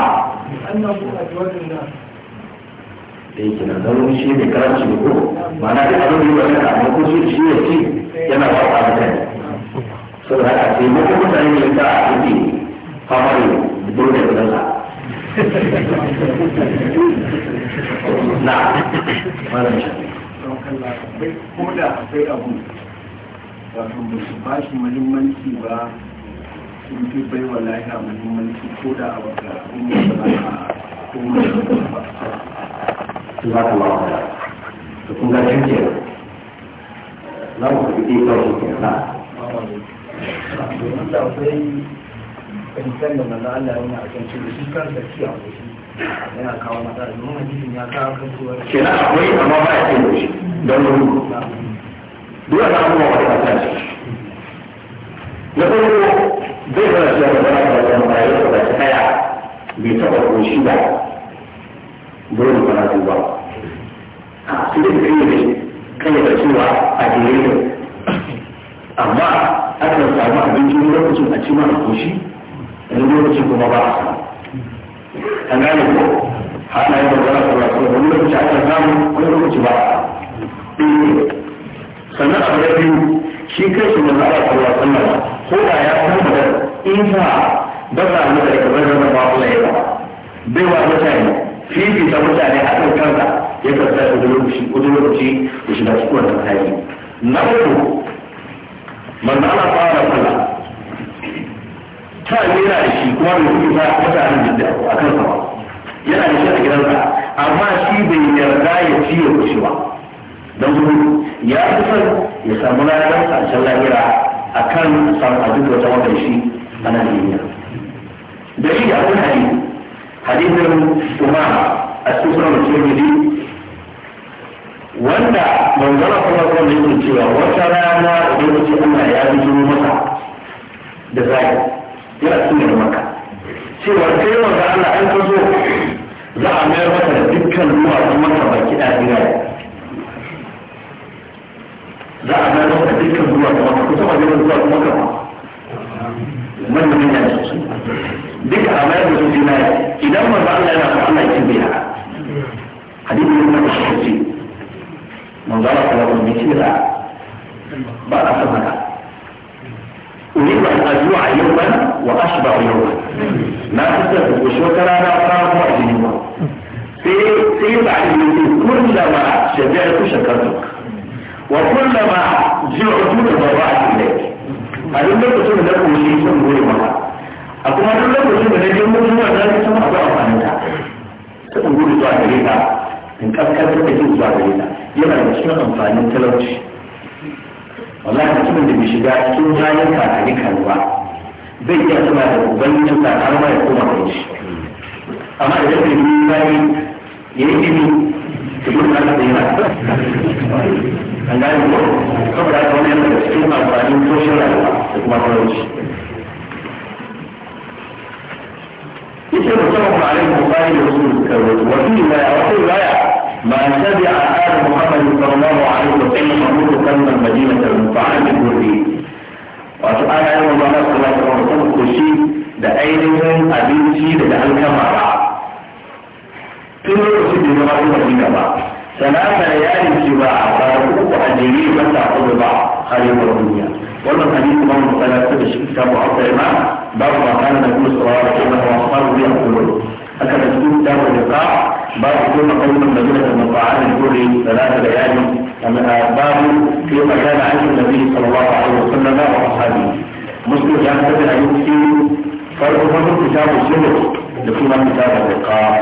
yake na eh, zaune shi ne karanci ne ko mana da abin yi wani amma ko shi shi ya yana ba a mutane saboda haka sai mako mutane ne ta a yake fama da dole da nasa na malam shi ko da akwai abu wato ba su ba shi muhimmanci ba sun fi bai wa lahiya muhimmanci ko da a wata kuma da ba a kuma da ba su ba ta mawa da su kun gajin ke za mu fi ɗaya shi ke na domin da akwai fahimtar da manzo Allah yana a kan cewa shi kansa kiyaye shi yana kawo matsala domin hadisin ya kawo kan cewa kenan akwai amma ba ya ce shi don rubu duk wani abubuwa wani kasa ne na farko zai fara cewa da wani abubuwa wani bayan da baki daya bai taɓa koshi ba dole ba na duba a su da kai ne kan yadda cewa a jere ne amma akan samu abinci wani lokacin a ci mana koshi wani lokacin kuma ba a samu an gane ko hana yi da wani abubuwa wani lokacin akan samu wani lokacin ba a samu sannan abu da biyu shi kai shi manzo Allah sallallahu alaihi ko da ya san da in fa ba za mu da kamar da ba Allah ya ba bai wa mutane fifi ta mutane a kan kansa ya kasa da lokaci ko lokaci ya shiga cikin wannan hali na uku manzo Allah sallallahu alaihi wasallam ta nira da shi kuma mai kuma ta mutane jidda a kansa ba yana da shi a gidansa amma shi bai yarda ya ciye ko shi ba don kuma ya fi son ya samu lafiya a can lahira a kan samu a duk wata wata shi a nan duniya da shi da abin hadi hadisin kuma a cikin sunan mutum wanda manzara kuma kuma yake cewa wata rana idan mutum Allah ya bijiro masa da zai ya tsira maka cewa kai wanda Allah an kaso. za a mayar maka da dukkan ruwa kuma ka baki da za a gano a dukkan zuwa da maka kusa ba zai zuwa kuma kama wannan ne yana su duka a mayar da su dina idan manzo Allah yana so Allah ya ci biya hadisi ne na shi manzo Allah sallallahu alaihi wasallam ba a san haka أريد أن أجوع يوما وأشبع يوما ما تستطيع وشكرا أنا أقرأ وأجل يوما في في بعد كلما شجعت شكرتك wa kullama ji'tu da ba'ati ilayk a duk lokacin da na koyi sun goyi maka a kuma duk lokacin da na je mutuwa na ji sun abu amfani ta ta gudu zuwa gare ta in kaskantar jin zuwa gare ta yana da cikin amfanin talauci wallahi mutumin da bai shiga cikin halin kakari karuwa zai iya suna da ubangijin kakar ma ya koma kai shi amma idan bai da da an gane ko saboda haka wani yana da cikin amfanin toshin rayuwa da kuma talauci yace musamman alaihi bukari da su karwatu wa fi riwaya wa fi riwaya ما تبع آل محمد صلى الله عليه وسلم منذ قلب المدينة المتعامل به wato ana yin wanda Allah sallallahu alaihi wasallam koshi da ainihin abinci daga alkama ba tun lokacin da zama yin wani ba ثلاثة ليالي سباع فأقوك أجري فتأخذ بعض خير الدنيا ومن حديث من ثلاثة شكتا معطينا بعض كان النبي صلى الله عليه وسلم وأصحابه يأكلون هكذا تكون كتاب اللقاء باب كل قول مدينة المطاعات الكل ثلاث ليالي باب فيما كان عنه النبي صلى الله عليه وسلم وأصحابه مسلم كان تبع يكفي فرق كتاب الزهد لكل كتاب اللقاء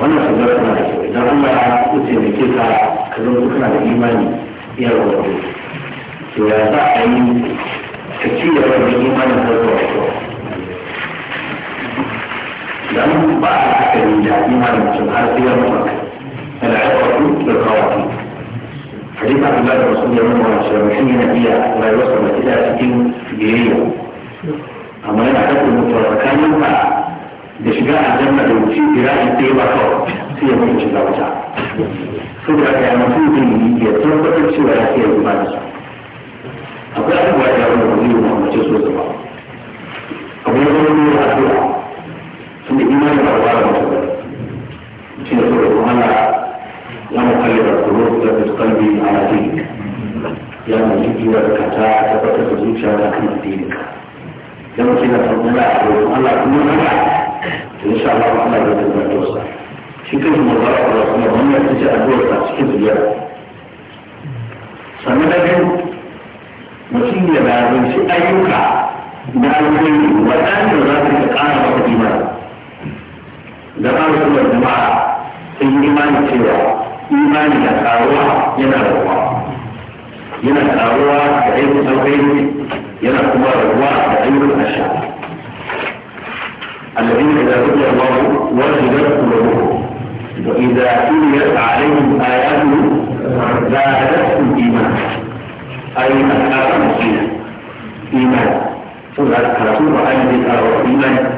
wannan su ga kana da idan Allah ya kuce da ka ka zama kana da imani ya rawa to ya za a yi ka ci da wannan imanin ka zuwa ko dan ba a haka ne da imanin mutum har sai ya mutu al'aqatu bil qawati hadith Abdullah da Rasulullah sallallahu alaihi wasallam shi ne biya rayuwar sa da cikin biyayya amma yana da mutuwa tsakanin ba da shiga aljanna da wuce irashi ɗaya ba kawai sai ya mutu shiga wuta so da ya mutu yi ya tabbatar cewa ya sai ya zuba da su akwai abubuwa da yawa da wani yau mace so su ba akwai wani wani yau addu'a sun da imani ba ba da mutu ba shi da saboda kuma na ya mukalli da kuma da fuskalbi a rajin ya mutu jiwa da kata tabbatar da zuciya da kan addininka dan mutum na tabbata a Allah kuma na إن شاء الله رحمة الله توسع شكرا مبارك الله رحمة الله يأتي أدوار تحسكي زيادة sannan na biyu mutum ya bayanci ayyuka na alkhairi waɗanda za su ka ƙara masa imani da ba su da jama'a sun yi imani cewa imani na ƙaruwa yana rabuwa yana ƙaruwa da ayyukan alkhairi yana kuma rabuwa da ayyukan asha الذين إذا ذكر الله وجدت قلوبهم وإذا قلت عليهم آياته زادتهم إيمانا أي أثار مسلمة إيمانا فقال رسول الله أثار إيمانا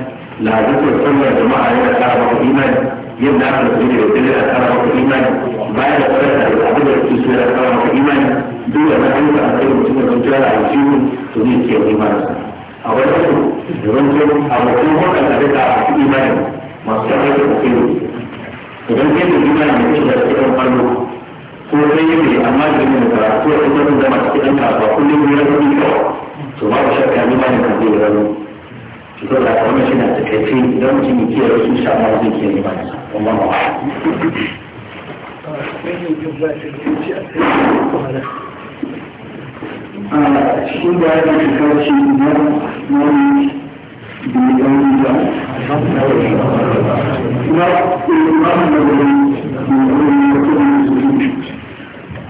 لا ذكر صلى جماعة أثار إيمانا يبنى على الدنيا والدنيا أثار إيمانا بعد ثلاثة يتعبد التسوير أثار إيمانا دون ما أنت أثار مسلمة تجارة عن سيوم تنيك يوم إيمانا a wajen su yawancin abokan waɗanda da ta fi imani masu yawon da kuke yi idan kai da juna mai kai da cikin kwallo ko sai yi mai amma da yin da ko da kuma sun zama cikin kasuwa kullum ne na kuɗi kawai to babu shakka ni ma ne kan zai rano shi ko da kuma shi na takaice idan mutum ya kiyaye su sha ma zai kiyaye ma ne kuma ma ba. a cikin da ya ke karshe na wani da ya ɗauki da na ɗauki da wani da ya ɗauki da wani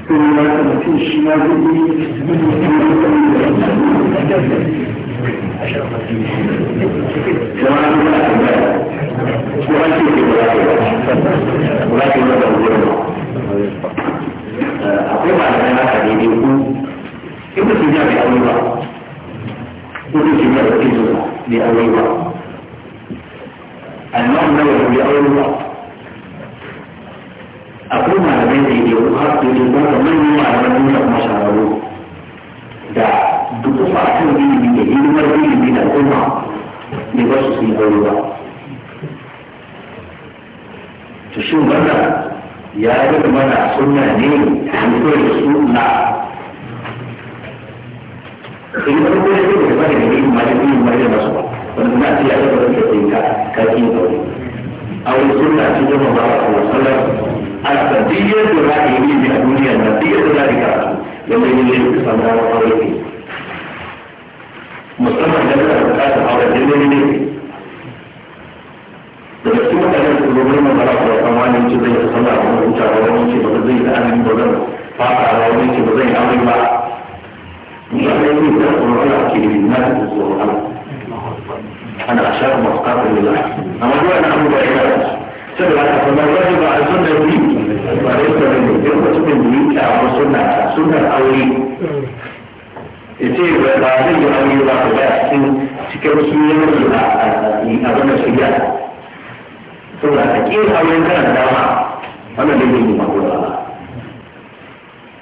kuma ya tafi shi na gudu da ya ɗauki da wani akwai malamai na hadidi ko ابن تيمية بأول واحد ابن تيمية بأول بأول واحد النوم نوم بأول واحد أقوم على بيتي يوخط يجبار من يعلم أنه ما شاء الله دعا dukufa a kan ilimi da hidimar ilimi da al'umma ne ba su su yi aure ba to shin wannan ya zama mana sunna ne a hankali da su na in ka kuma yake da ba da ne ma da ne ma da masu wanda na ji ya ga da ke ka ka ki da wani awai sunna ci da ba ba ko sallar ala ta diye da ba da ne a duniya na diye da da ka da ne ne ku san da wa aure musamman da ka ka ta aure da ne ne daga cikin mutanen da gobe mai mara kuwa kan wani ce zai yi sallah ko hutawa wani ce ba zai yi da amin ba zan fata wani ce ba zai yi amin ba wannan shirya saboda a cikin hauyar kanan dama wannan da yake yi makon dama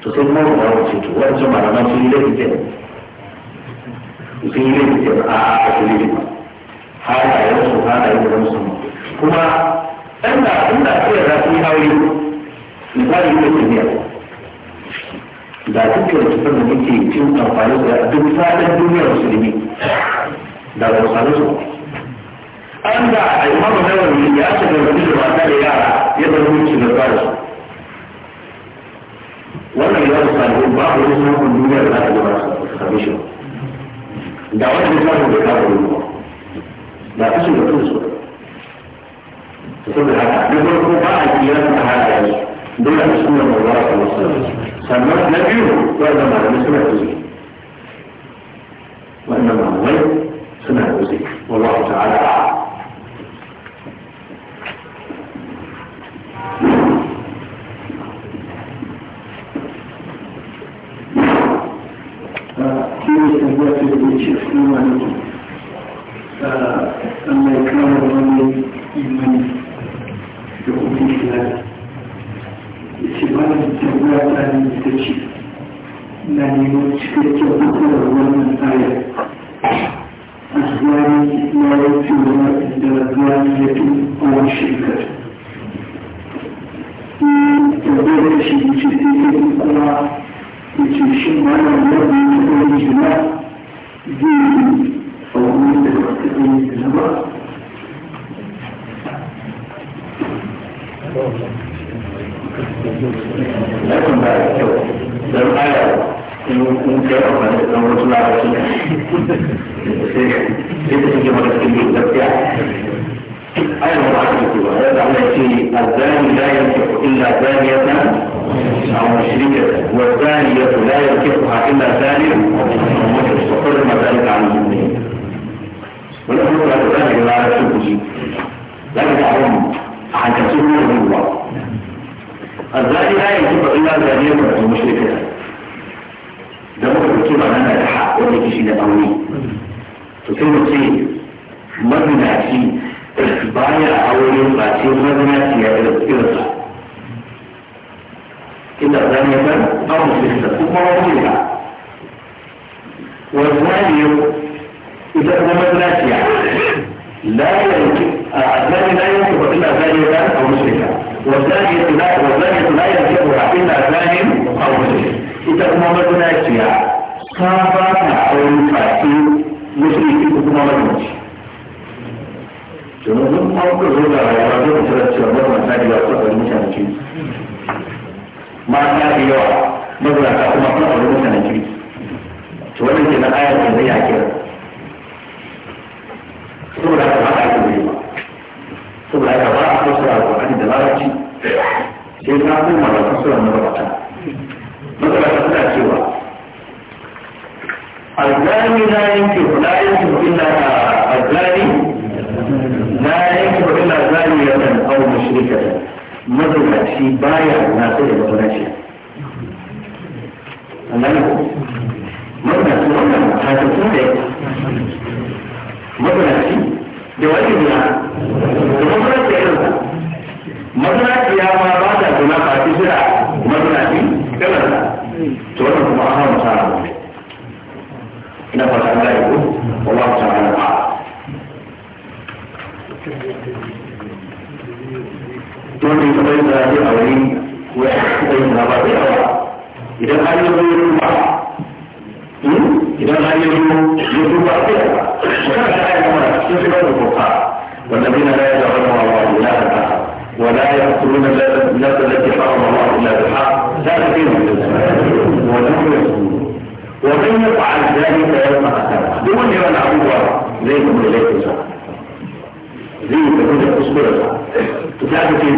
to sai kuma ku dawo ce to wancan malaman sun yi laifi ke sun yi ke a a sun yi laifi halayen da su kuma ɗan da ɗan da kawai za su yi aure misali ko kimiyya da duk da cutar da muke cin amfani da duk fadin duniyar musulmi da ba su su an da a imamu nawawi ya ce da wani da mata da yara ya bar mutum da fara. su wannan ya rufa ne ba ku yi samun duniya da za ta zama same shi da wannan samun da kafa ne ba da kashe da kansu saboda haka na farko ba a kira su a halayen su dole a suna mai wara kuma sannan na biyu wannan malamai suna kuzi wannan malamai suna kuzi wallahu ta'ala a'a shi ne tafiya ce da ya ce su ma ne Allah ya kama da wani imani da kuma shi ya ce ba da tafiya ta ne ta ce na neman cikakken hukumar wannan ayar أخواني لا يكفرون عند أخوانية ta شركة تبدأ وتشيشين على الوضع يقول الجماع دين أو من تتكلم الجماع لكن بعد كده لو قال ممكن أفهم لو رسول الله رسول الله جمال الكلمة تبتع أي مرحبا هذا على شيء الزاني لا ينفق إلا زانية أو مشركة والثانية لا يركبها إلا ثاني ما ذلك عن المؤمنين ونحن لا ذلك لا شيء لا يدعهم عن تسوقه من الله الزاني لا يجب إلا ثانية ومشركة ده ممكن تقول أنا أتحقق ولا شيء نبوي تكلم شيء مبنى شيء بايع أو يوم بايع مبنى شيء إلا زانية أو مشركة ثم رضيها والزاني إذا أدمت ناسية لا يمكن لا يمكن إلا زانية أو مشركة والزانية لا والزانية لا يمكن إلا زاني أو مشرك إذا أدمت ناسية صافت أو ينفاتي مشركة ثم رضيها domin sun farko zo da rayuwa zai kusa da cewa wannan ta mata da yawa mazurata kuma kuma a wurin na kirki to wannan ke na ayar da zai yake saboda haka ba a yi wuri ba saboda haka ba a fassara alƙur'ani da larabci sai ta koma da fassara mazurata suna cewa الزاني لا ينكح لا ينكح إلا الزاني لا ينكح إلا زانية أو mazaunaci baya na sai da mazaunaci mazaunaci wannan matakin sun da mazaunaci da wani ne da mazaunaci irin sa mazaunaci ya ma ba ta zuna ba ta jira mazaunaci irin sa to wannan kuma an hau mutane ina fata ta yi ko Allah ta'ala dole ka bai da zai aure ko ya bai da ba zai aure idan har yi zo ya duba idan har yi zo ya duba zai aure wannan ayar kuma sun fi bada doka wannan bin da ya zama ma wa ila ta ولا يقتلون النفس التي حرم الله الا بالحق ذلك من ومن يفعل ذلك يوم القيامه دون يوم العبد زي ما ليس صح zai tafi da kuskuren to da ce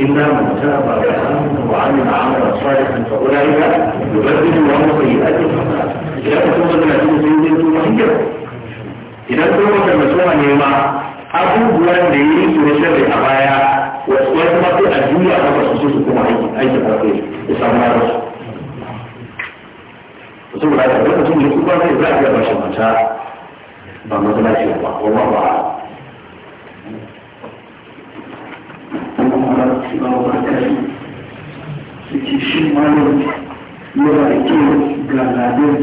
inna mutaba da wa amina amalan salihan fa ulaika yubaddilu wa sayyi'atihim hasanat idan ka kuma da cikin sun yi tuma hijira idan kuma da mutuwa ne ma abubuwan da yi su da a baya wasu wasu mafi a duniya a wasu su su kuma aiki a kai da samu ya rasu mutum da ka ga mutum kuma zai za a iya bashi mata ba matsala ce ba kuma ba suke shi malam yana kyau ga labin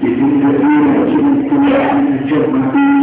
da dinga rera kiran kuma a jan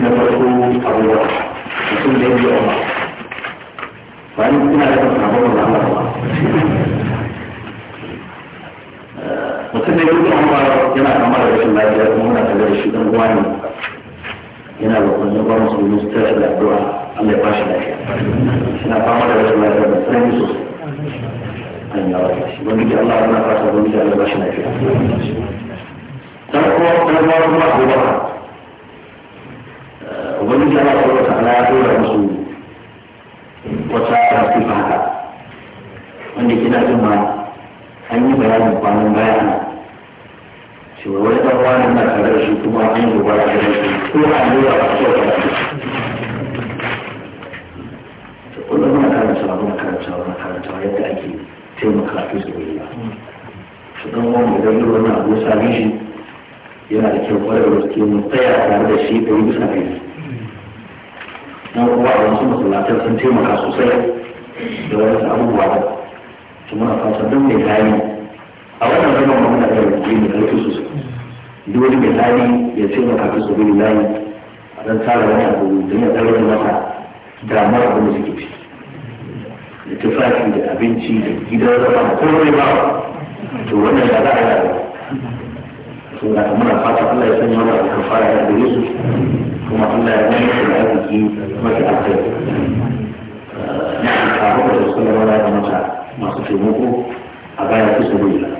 na farko abu da mutum da yake yawa ba ni kuna da kan sabon da Allah ba eh, mutum da yake yawa yana kama da rashin lafiya kuma muna tare da shi dan uwa ne yana da kwanciyar ba musu ne su tashi da addu'a Allah ya ba lafiya yana fama da rashin lafiya da tsanani sosai an yawa shi wani Allah yana fata wani Allah ba shi lafiya dan uwa dan uwa kuma abu ubangiji Allah ta wata ala ya dora musu wata rasifa haka wanda kina jin ma an yi bayanin kwanan baya cewa wani ɗan wani na tare da shi kuma an yi gobara da shi ko an yi ta kaso da shi wanda muna karanta wa muna karanta wa ka karanta wa yadda ake taimaka fi su wuri ba su dan wani idan yi wani abu sami shi yana da kyau kwarar da suke mu tsaya tare da shi yi bisa ɗari na kuma a wasu masallatar sun taimaka sosai da wani abubuwa to muna fasa don mai hali a wannan zama ma muna da rubuce mai karfi sosai duk wani mai hali ya taimaka fi su gudu layi a ɗan tsara wani abu da ya tsara masa damar abin da suke ciki da tufafi da abinci da gidan zama ko wani ba to wannan ya za a yi to da muna fata Allah ya sanya wani abu kuma Allah ya mai shi arziki mafi akai na a haka da wasu lamara da mata masu taimako a baya kusa da